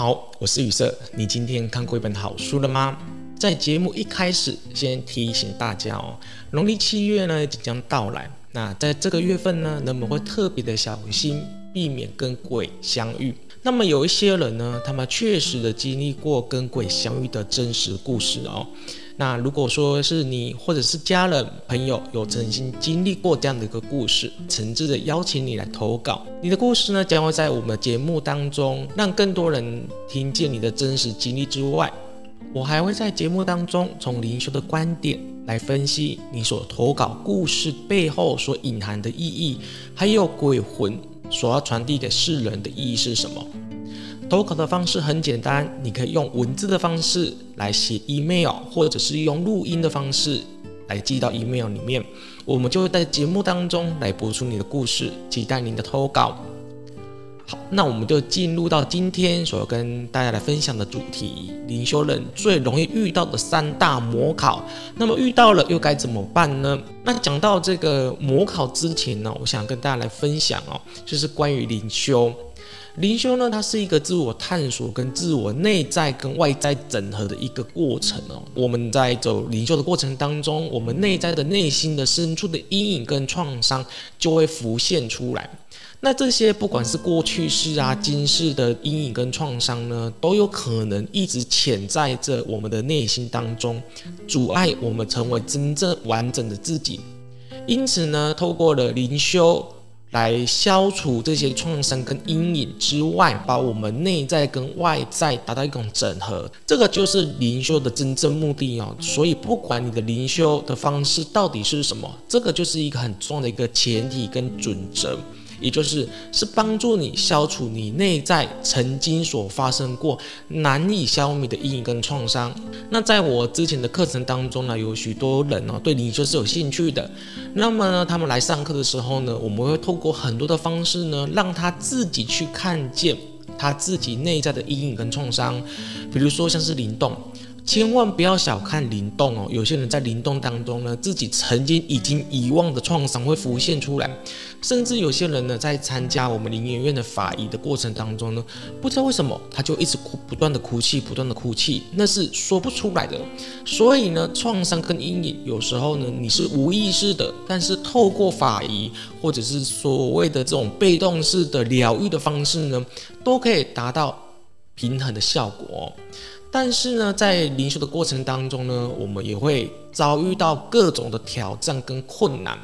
好，我是宇色。你今天看過一本好書了嗎？在節目一開始，先提醒大家哦，農曆七月呢，即將到來。那在這個月份呢，人們會特別的小心，避免跟鬼相遇。那麼有一些人呢，他們確實的經歷過跟鬼相遇的真實故事哦。那如果說是你或者是家人朋友有曾經經歷過這樣的一個故事，誠摯地邀請你來投稿。你的故事呢將會在我們節目當中讓更多人聽見你的真實經歷之外，我還會在節目當中從靈修的觀點來分析你所投稿故事背後所隱含的意義，還有鬼魂所要傳遞給世人的意義是什麼。投稿的方式很簡單，你可以用文字的方式來寫 email，或者是用錄音的方式來寄到 email 裡面，我們就會在節目當中來播出你的故事，期待您的投稿。好，那我們就進入到今天所要跟大家來分享的主題——靈修人最容易遇到的三大魔考。那麼遇到了又該怎麼辦呢？那講到這個魔考之前呢，我想跟大家來分享哦，就是關於靈修。靈修呢，它是一個自我探索跟自我內在跟外在整合的一個過程哦。我們在走靈修的過程當中，我們內在的內心的深處的陰影跟創傷就會浮現出來。那這些不管是過去世啊、今世的陰影跟創傷呢，都有可能一直潛在着我們的內心當中，阻礙我們成為真正完整的自己。因此呢，透過了靈修來消除這些創傷跟陰影之外，把我們內在跟外在達到一種整合，這個就是靈修的真正目的哦。所以，不管你的靈修的方式到底是什麼，這個就是一個很重要的一個前提跟準則。也就是是幫助你消除你內在曾經所發生過難以消弭的陰影跟創傷。那在我之前的課程當中呢，有許多人呢、啊、對靈修是有興趣的。那麼呢，他們來上課的時候呢，我們會透過很多的方式呢，讓他自己去看見他自己內在的陰影跟創傷，比如說像是靈動。千萬不要小看靈動哦！有些人在靈動當中呢，自己曾經已經遺忘的創傷會浮現出來，甚至有些人呢，在參加我們靈元院的法儀的過程當中呢，不知道為什麼他就一直哭，不斷的哭泣，不斷的哭泣，那是說不出來的。所以呢，創傷跟陰影有時候呢，你是無意識的，但是透過法儀或者是所謂的這種被動式的療癒的方式呢，都可以達到平衡的效果哦。但是呢，在靈修的過程當中呢，我們也會遭遇到各種的挑戰跟困難，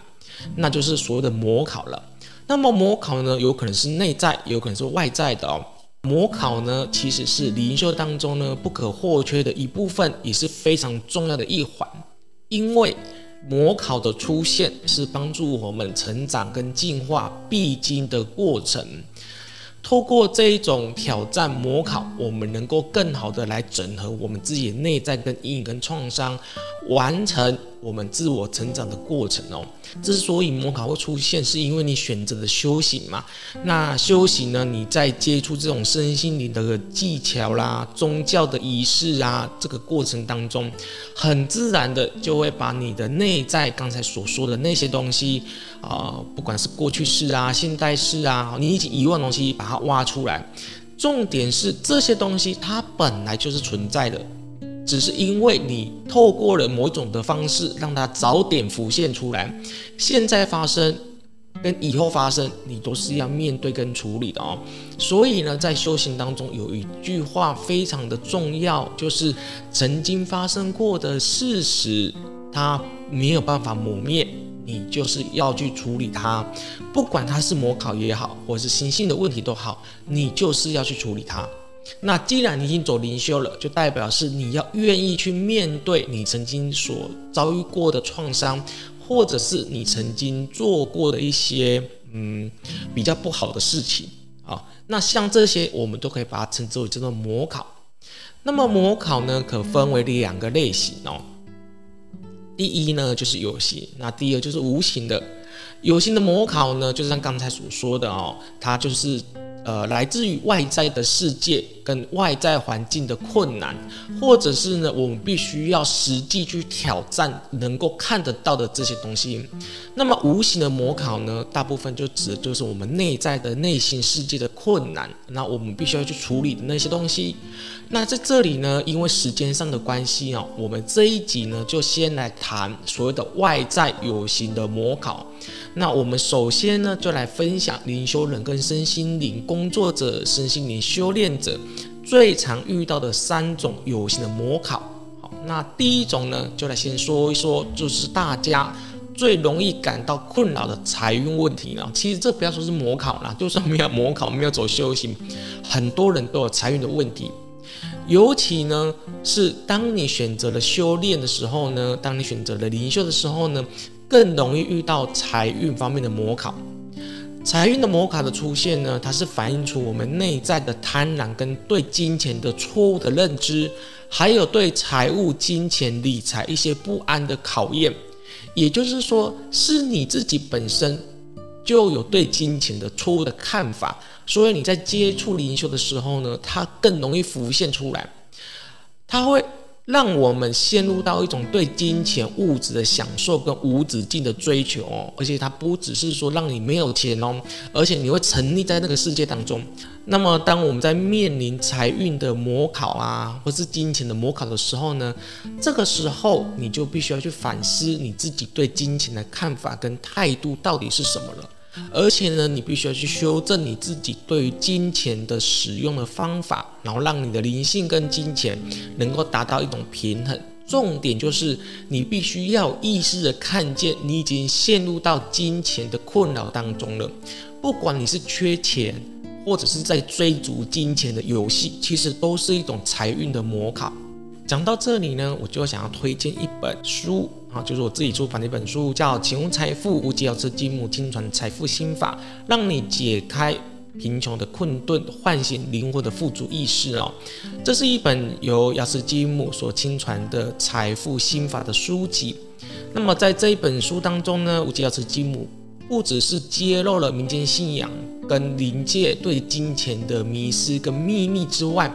那就是所謂的魔考了。那麼魔考呢，有可能是內在，也有可能是外在的哦。魔考呢，其實是靈修當中呢不可或缺的一部分，也是非常重要的一環，因為魔考的出現是幫助我們成長跟進化必經的過程。透過這一種挑戰魔考，我們能夠更好的來整合我們自己的內在跟陰影跟創傷，完成我們自我成長的過程哦。之所以魔考會出現，是因為你選擇了修行嘛。那修行呢？你在接觸這種身心靈的技巧啦、宗教的儀式啊，這個過程當中，很自然的就會把你的內在剛才所說的那些東西，啊、呃，不管是過去式啊、現代式啊，你已經遺忘的東西，把它挖出來。重點是這些東西它本來就是存在的。只是因為你透過了某種的方式，讓它早點浮現出來。現在發生跟以後發生，你都是要面對跟處理的哦。所以呢，在修行當中有一句話非常的重要，就是曾經發生過的事實，它沒有辦法磨滅，你就是要去處理它。不管它是魔考也好，或是心性的問題都好，你就是要去處理它。那既然你已經走靈修了，就代表是你要願意去面對你曾經所遭遇過的創傷，或者是你曾經做過的一些嗯比較不好的事情啊、哦。那像這些，我們都可以把它稱之為叫做魔考。那麼魔考呢，可分為兩個類型哦。第一呢就是有形，那第二就是無形的。有形的魔考呢，就是像剛才所說的哦，它就是。呃，來自於外在的世界跟外在環境的困難，或者是呢，我們必須要實際去挑戰能夠看得到的這些東西。那麼無形的魔考呢，大部分就指的就是我們內在的內心世界的困難，那我們必須要去處理的那些東西。那在這裡呢，因為時間上的關係啊，我們這一集呢就先來談所謂的外在有形的魔考。那我們首先呢，就來分享靈修人跟身心靈工作者、身心靈修煉者最常遇到的三種有形的魔考。好，那第一種呢，就來先說一說，就是大家最容易感到困擾的財運問題了。其實這不要說是魔考了，就算沒有魔考，沒有走修行，很多人都有財運的問題。尤其呢，是當你選擇了修煉的時候呢，當你選擇了靈修的時候呢。更容易遇到財運方面的魔考，財運的魔考的出現呢，它是反映出我們內在的貪婪跟對金錢的錯誤的認知，還有對財務、金錢、理財一些不安的考驗。也就是說，是你自己本身就有對金錢的錯誤的看法，所以你在接觸靈修的時候呢，它更容易浮現出來，它會，讓我們陷入到一種對金錢物質的享受跟無止境的追求哦，而且它不只是說讓你沒有錢哦，而且你會沉溺在那個世界當中。那麼，當我們在面臨財運的魔考啊，或是金錢的魔考的時候呢，這個時候你就必須要去反思你自己對金錢的看法跟態度到底是什麼了。而且呢，你必須要去修正你自己對於金錢的使用的方法，然後讓你的靈性跟金錢能夠達到一種平衡。重點就是你必須要意識的看見，你已經陷入到金錢的困擾當中了。不管你是缺錢，或者是在追逐金錢的遊戲，其實都是一種財運的魔考。講到這裡呢，我就想要推薦一本書。就是我自己出版的一本書，叫《請用財富無極瑤池金母親傳財富心法》，讓你解開貧窮的困頓，喚醒靈魂的富足意識哦。這是一本由瑤池金母所親傳的財富心法的書籍。那麼在這一本書當中呢，無極瑤池金母不只是揭露了民間信仰跟靈界對金錢的迷思跟秘密之外。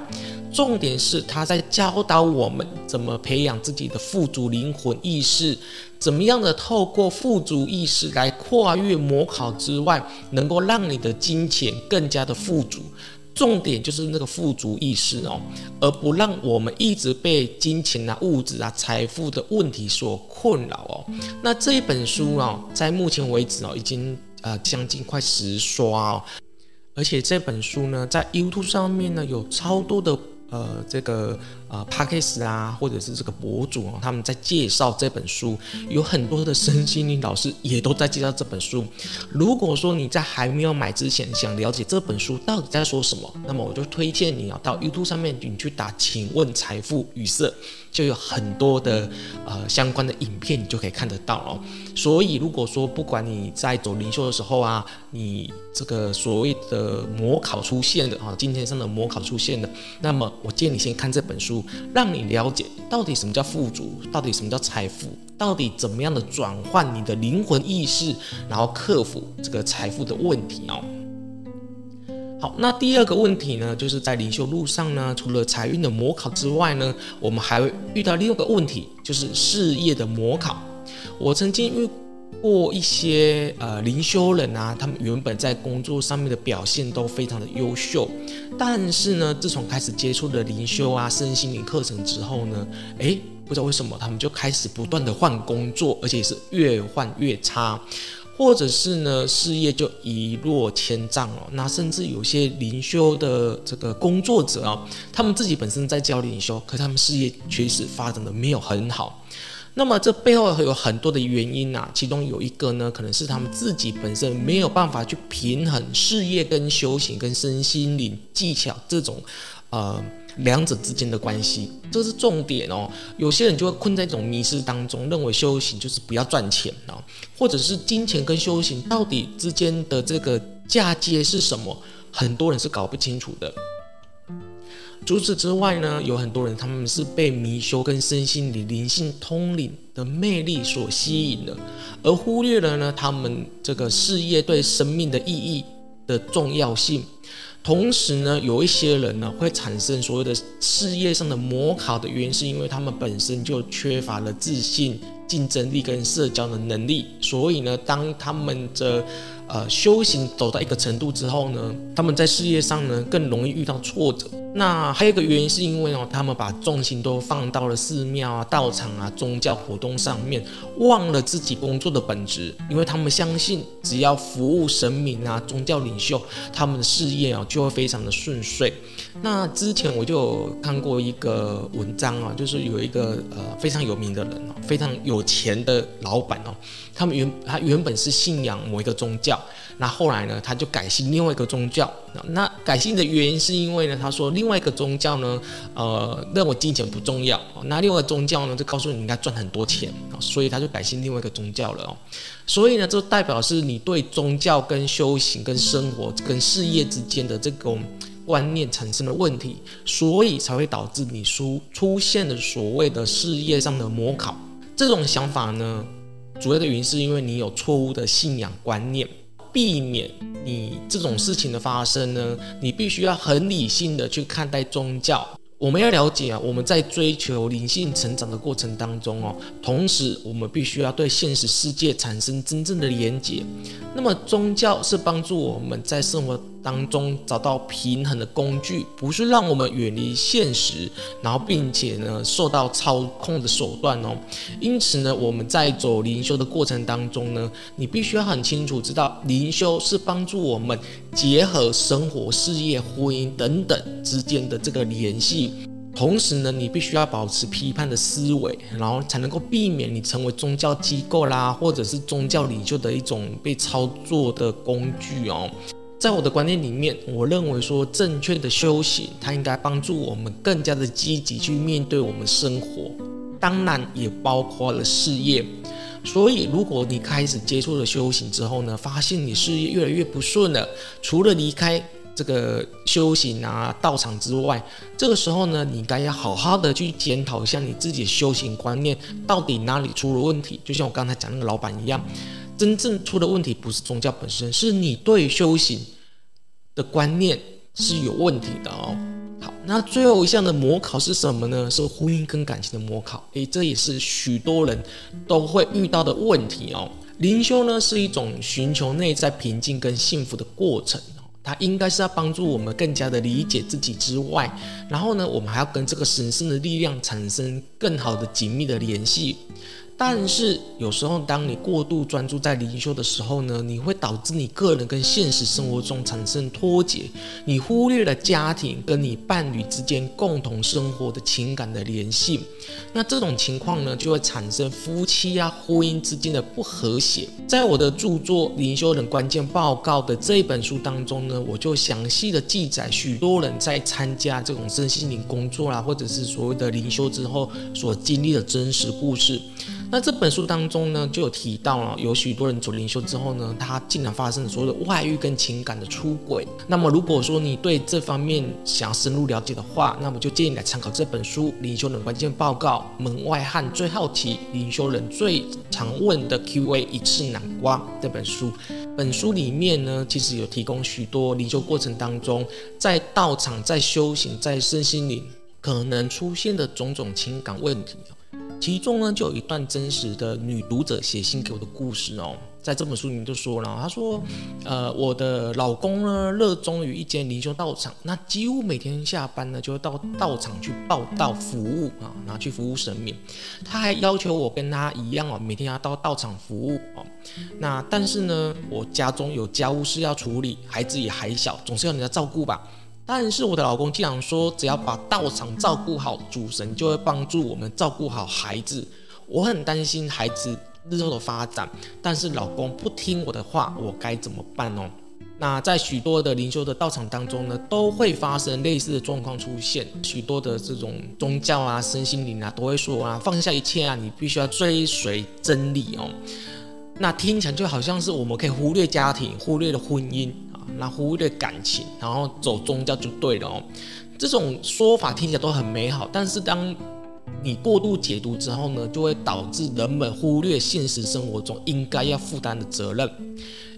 重點是他在教導我們怎麼培養自己的富足靈魂意識，怎麼樣的透過富足意識來跨越魔考之外，能夠讓你的金錢更加的富足。重點就是那個富足意識哦，而不讓我們一直被金錢啊、物質啊、財富的問題所困擾哦。那這本書呢、哦，在目前為止哦，已經呃將近快十刷哦，而且這本書呢，在 YouTube 上面呢，有超多的。呃，這個。啊 Podcast 啊，或者是這個博主啊，他們在介紹這本書，有很多的身心靈老師也都在介紹這本書。如果說你在還沒有買之前想了解這本書到底在說什麼，那麼我就推薦你要、啊、到 YouTube 上面，你去打“請問財富宇色”，就有很多的呃相關的影片，你就可以看得到哦。所以如果說不管你在走靈修的時候啊，你這個所謂的魔考出現的啊，金錢上的魔考出現的，那麼我建議你先看這本書。讓你了解到底什麼叫富足，到底什麼叫財富，到底怎麼樣的轉換你的靈魂意識，然後克服這個財富的問題哦。好，那第二個問題呢，就是在靈修路上呢，除了財運的魔考之外呢，我們還會遇到另一個問題，就是事業的魔考。我曾經遇過一些呃靈修人啊，他們原本在工作上面的表現都非常的優秀，但是呢，自從開始接觸了靈修啊身心靈課程之後呢，誒、欸，不知道為什麼他們就開始不斷的換工作，而且也是越換越差，或者是呢事業就一落千丈了、哦。那甚至有些靈修的這個工作者啊、哦，他們自己本身在教靈修，可是他們事業確實發展的沒有很好。那麼這背後有很多的原因啊，其中有一個呢，可能是他們自己本身沒有辦法去平衡事業跟修行跟身心靈技巧這種，呃，兩者之間的關係，這是重點哦。有些人就會困在一種迷失當中，認為修行就是不要賺錢啊、哦，或者是金錢跟修行到底之間的這個嫁接是什麼，很多人是搞不清楚的。除此之外呢，有很多人他們是被迷修跟身心靈靈性通靈的魅力所吸引的，而忽略了呢他們這個事業對生命的意義的重要性。同時呢，有一些人呢會產生所謂的事業上的魔考的原因，是因為他們本身就缺乏了自信、競爭力跟社交的能力，所以呢，當他們的。呃，修行走到一個程度之後呢，他們在事業上呢更容易遇到挫折。那還有一個原因是因為哦，他們把重心都放到了寺廟啊、道場啊、宗教活動上面，忘了自己工作的本職。因為他們相信，只要服務神明啊、宗教領袖，他們的事業哦、啊、就會非常的順遂。那之前我就有看過一個文章啊，就是有一個呃非常有名的人哦、啊，非常有錢的老闆哦、啊，他們原他原本是信仰某一個宗教。那後來呢，他就改信另外一個宗教。那改信的原因是因為呢，他說另外一個宗教呢，呃，認為金錢不重要。那另外一個宗教呢，就告訴你應該賺很多錢，所以他就改信另外一個宗教了。哦，所以呢，就代表是你對宗教跟修行、跟生活、跟事業之間的這種觀念產生了問題，所以才會導致你出出現了所謂的事業上的魔考。這種想法呢，主要的原因是因為你有錯誤的信仰觀念。避免你這種事情的發生呢，你必須要很理性的去看待宗教。我們要了解啊，我們在追求靈性成長的過程當中哦，同時我們必須要對現實世界產生真正的連接。那麼宗教是幫助我們在生活當中找到平衡的工具，不是讓我們遠離現實，然後並且呢受到操控的手段哦。因此呢，我們在走靈修的過程當中呢，你必須要很清楚知道，靈修是幫助我們結合生活、事業、婚姻等等之間的這個聯繫。同時呢，你必須要保持批判的思維，然後才能夠避免你成為宗教機構啦，或者是宗教領袖的一種被操作的工具哦。在我的觀念裡面，我認為說，正確的修行，它應該幫助我們更加的積極去面對我們生活，當然也包括了事業。所以，如果你開始接觸了修行之後呢，發現你事業越來越不順了，除了離開這個修行啊道場之外，這個時候呢，你應該要好好的去檢討一下你自己的修行觀念到底哪裡出了問題。就像我剛才講那個老闆一樣。真正出的問題不是宗教本身，是你對修行的觀念是有問題的哦。好，那最後一項的魔考是什麼呢？是婚姻跟感情的魔考。誒，這也是許多人都會遇到的問題哦。靈修呢是一種尋求內在平靜跟幸福的過程，它應該是要幫助我們更加的理解自己之外，然後呢，我們還要跟這個神聖的力量產生更好的緊密的聯繫。但是有時候，當你過度專注在靈修的時候呢，你會導致你個人跟現實生活中產生脫節，你忽略了家庭跟你伴侶之間共同生活的情感的聯繫。那這種情況呢，就會產生夫妻啊、婚姻之間的不和諧。在我的著作《靈修人關鍵報告》的這本書當中呢，我就詳細的記載許多人在參加這種身心靈工作啦、啊，或者是所謂的靈修之後所經歷的真實故事。那這本書當中呢，就有提到了，有許多人走靈修之後呢，他竟然發生了所有的外遇跟情感的出軌。那麼，如果說你對這方面想要深入了解的話，那麼就建議你來參考這本書《靈修人關鍵報告：門外漢最好奇，靈修人最常問的 Q&A 一次南瓜》這本書。本書裡面呢，其實有提供許多靈修過程當中，在道場、在修行、在身心靈可能出現的種種情感問題。其中呢，就有一段真實的女讀者寫信給我的故事哦，在這本書裡面就說了，她說，呃，我的老公呢熱衷於一間靈修道場，那幾乎每天下班呢就會到道場去報道服務啊，拿去服務神明，他還要求我跟他一樣哦，每天要到道場服務哦，那但是呢，我家中有家務事要處理，孩子也還小，總是要人家照顧吧。但是我的老公經常說，只要把道場照顧好，主神就會幫助我們照顧好孩子。我很擔心孩子日後的發展，但是老公不聽我的話，我該怎麼辦哦，那在許多的靈修的道場當中呢，都會發生類似的狀況出現。許多的這種宗教啊、身心靈啊，都會說啊，放下一切啊，你必須要追隨真理哦。那聽起來就好像是我們可以忽略家庭，忽略了婚姻。那忽略感情，然後走宗教就對了哦。這種說法聽起來都很美好，但是當你過度解讀之後呢，就會導致人們忽略現實生活中應該要負擔的責任。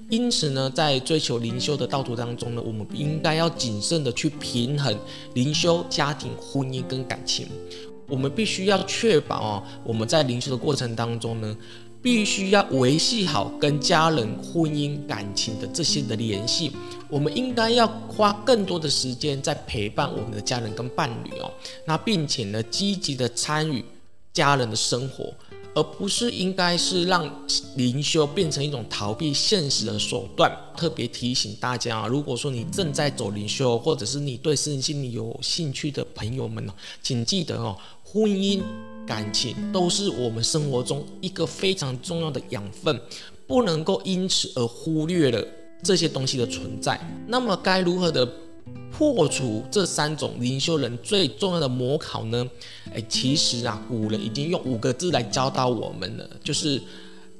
因此呢，在追求靈修的道途當中呢，我們應該要謹慎的去平衡靈修、家庭、婚姻跟感情。我們必須要確保哦，我們在靈修的過程當中呢。必須要維繫好跟家人、婚姻、感情的這些的聯繫，我們應該要花更多的時間在陪伴我們的家人跟伴侶哦。那並且呢，積極的參與家人的生活，而不是應該是讓靈修變成一種逃避現實的手段。特別提醒大家啊，如果說你正在走靈修，或者是你對身心靈有興趣的朋友們呢，請記得哦，婚姻。感情都是我們生活中一個非常重要的養分，不能夠因此而忽略了這些東西的存在。那麼該如何的破除這三種靈修人最重要的魔考呢？哎，其實啊，古人已經用五個字來教導我們了，就是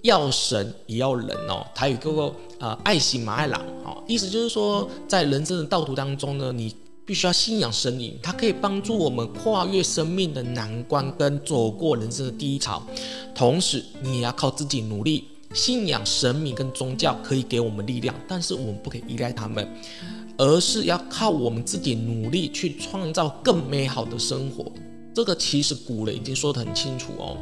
要神也要人哦。台語哥哥，呃，愛神嘛愛人，哦，意思就是說，在人生的道途當中呢，你。必須要信仰神明，它可以幫助我們跨越生命的難關跟走過人生的低潮。同時，你也要靠自己努力。信仰神明跟宗教可以給我們力量，但是我們不可以依賴他們，而是要靠我們自己努力去創造更美好的生活。這個其實古人已經說得很清楚哦。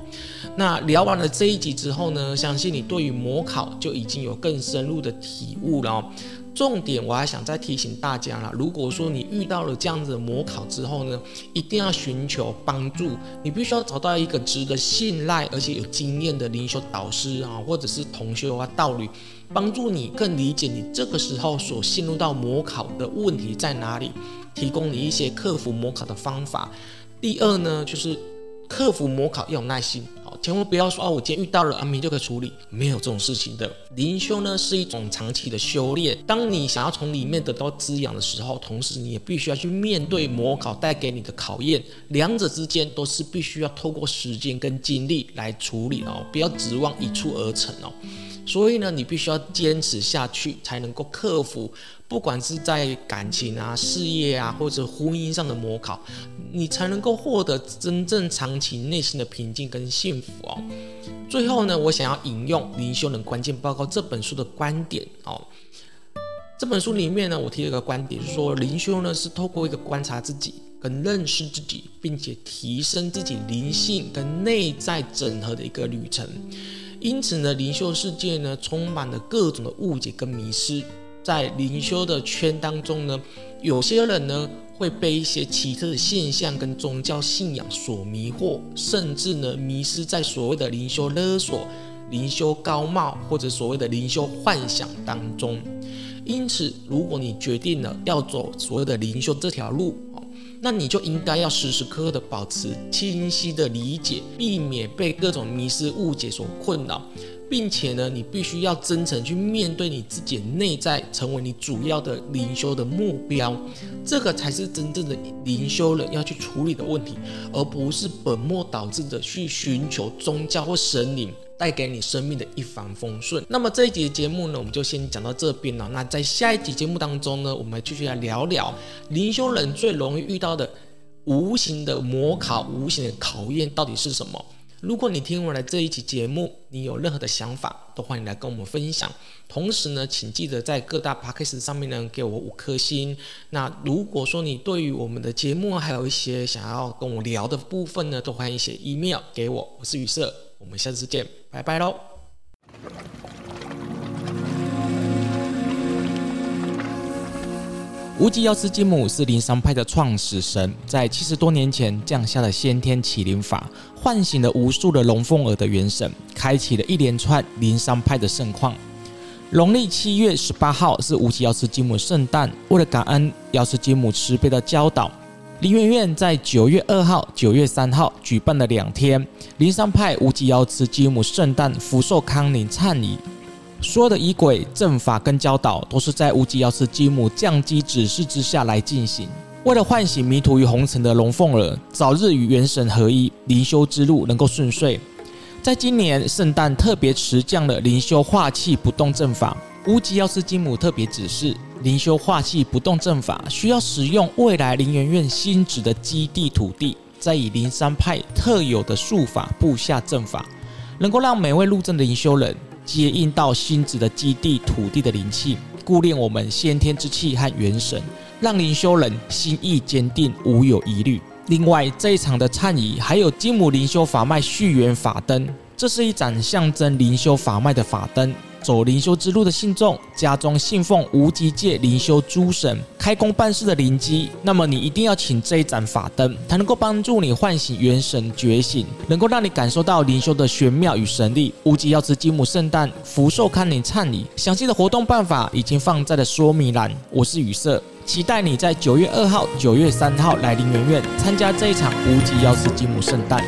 那聊完了這一集之後呢，相信你對於魔考就已經有更深入的體悟了哦。重點我還想再提醒大家啦，如果說你遇到了這樣子的魔考之後呢，一定要尋求幫助，你必須要找到一個值得信賴而且有經驗的靈修導師啊，或者是同修啊、道侶，幫助你更理解你這個時候所陷入到魔考的問題在哪裡，提供你一些克服魔考的方法。第二呢，就是克服魔考要有耐心。千萬不要說啊！我今天遇到了，啊、明天就可以處理，沒有這種事情的。靈修呢是一種長期的修煉，當你想要從裡面得到滋養的時候，同時你也必須要去面對魔考帶給你的考驗，兩者之間都是必須要透過時間跟精力來處理的哦，不要指望一蹴而成哦。所以呢，你必須要堅持下去，才能夠克服。不管是在感情啊、事業啊，或者婚姻上的魔考，你才能夠獲得真正長期內心的平靜跟幸福哦。最後呢，我想要引用靈修的關鍵報告這本書的觀點哦。這本書裡面呢，我提了一個觀點，就是說靈修呢是透過一個觀察自己、跟認識自己，並且提升自己靈性跟內在整合的一個旅程。因此呢，靈修世界呢充滿了各種的誤解跟迷失。在靈修的圈當中呢，有些人呢會被一些奇特的現象跟宗教信仰所迷惑，甚至呢迷失在所謂的靈修勒索、靈修高帽或者所謂的靈修幻想當中。因此，如果你決定了要走所謂的靈修這條路，那你就應該要時時刻刻的保持清晰的理解，避免被各種迷思誤解所困擾。並且呢，你必須要真誠去面對你自己的內在，成為你主要的靈修的目標，這個才是真正的靈修人要去處理的問題，而不是本末倒置的去尋求宗教或神靈帶給你生命的一帆風順。那麼這一集的節目呢，我們就先講到這邊了。那在下一集節目當中呢，我們繼續來聊聊靈修人最容易遇到的無形的魔考、無形的考驗到底是什麼？如果你聽完了這一期節目，你有任何的想法，都歡迎來跟我們分享。同時呢，請記得在各大 podcast 上面呢給我五顆星。那如果說你對於我們的節目還有一些想要跟我聊的部分呢，都歡迎寫 email 給我。我是宇色，我們下次見，拜拜嘍。無極瑤池金母是靈山派的創始神，在七十多年前降下了先天麒麟法，喚醒了無數的龍鳳兒的元神，開啟了一連串靈山派的盛況。農曆七月十八號是無極瑤池金母聖誕，為了感恩瑤池金母慈悲的教導，靈元院在九月二號、九月三號舉辦了兩天靈山派無極瑤池金母聖誕福壽康寧倡議。所有的儀軌陣法跟教導都是在無極瑤池金母降基，指示之下來進行。為了喚醒迷途於紅塵的龍鳳兒，早日與元神合一，靈修之路能夠順遂，在今年聖誕特別持降了靈修化氣不動陣法，無極瑤池金母特別指示，靈修化氣不動陣法需要使用未來靈元院新址的基地土地，再以靈山派特有的術法布下陣法，能夠讓每位入陣的靈修人。接應到星子的基地土地的靈氣，固練我們先天之氣和元神，讓靈修人心意堅定，無有疑慮。另外，這一場的懺儀還有金母靈修法脈續緣法燈，這是一盞象徵靈修法脈的法燈。走靈修之路的信眾，家中信奉無極界靈修諸神，開工辦事的靈乩，那麼你一定要請這一盞法燈，它能夠幫助你喚醒元神、覺醒，能夠讓你感受到靈修的玄妙與神力。無極瑤池金母聖誕福壽康寧懺儀，詳細的活動辦法已經放在了說明欄。我是宇色，期待你在九月二號、九月三號來靈元院參加這一場無極瑤池金母聖誕。